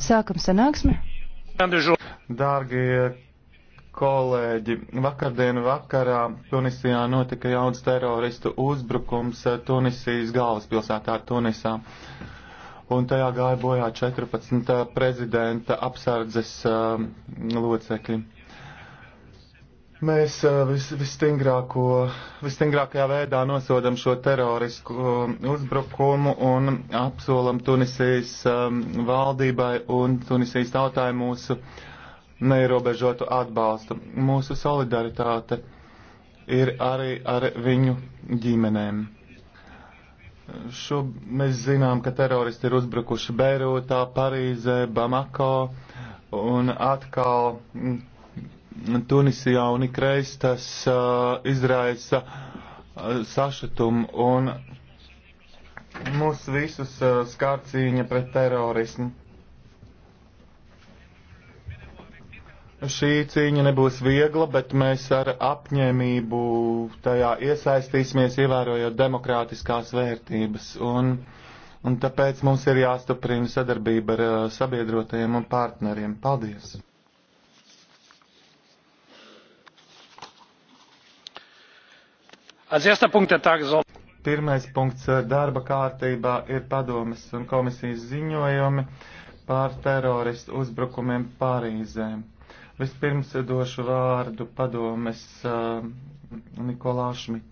Sākam sanāksmi. Dārgie kolēģi, vakardien vakarā Tunisijā notika jauns teroristu uzbrukums eh, Tunisijas galvaspilsētā Tunisā. Un tajā gāja bojā 14 eh, prezidenta apsardzes uh, locekļi Mēs uh, vis, visstingrākajā veidā nosodam šo terorisku um, uzbrukumu un apsolam Tunisijas um, valdībai un Tunisijas tautāju mūsu neierobežotu atbalstu. Mūsu solidaritāte ir arī ar viņu ģimenēm. Šo mēs zinām, ka teroristi ir uzbrukuši Beirūtā, Parīzē, Bamako un atkal Tunisijā un ikreiz tas uh, izraisa uh, sašutumu un mūs visus uh, skār cīņa pret terorismu. Šī cīņa nebūs viegla, bet mēs ar apņēmību tajā iesaistīsimies, ievērojot demokrātiskās vērtības. Un, un tāpēc mums ir jāstiprina sadarbība ar uh, sabiedrotajiem un partneriem. Paldies! Pirmais punkts eh, darba kārtībā ir padomas un komisijas ziņojumi pār teroristu uzbrukumiem Parīzē. Vispirms došu vārdu padomes uh, Nikolā Šmit.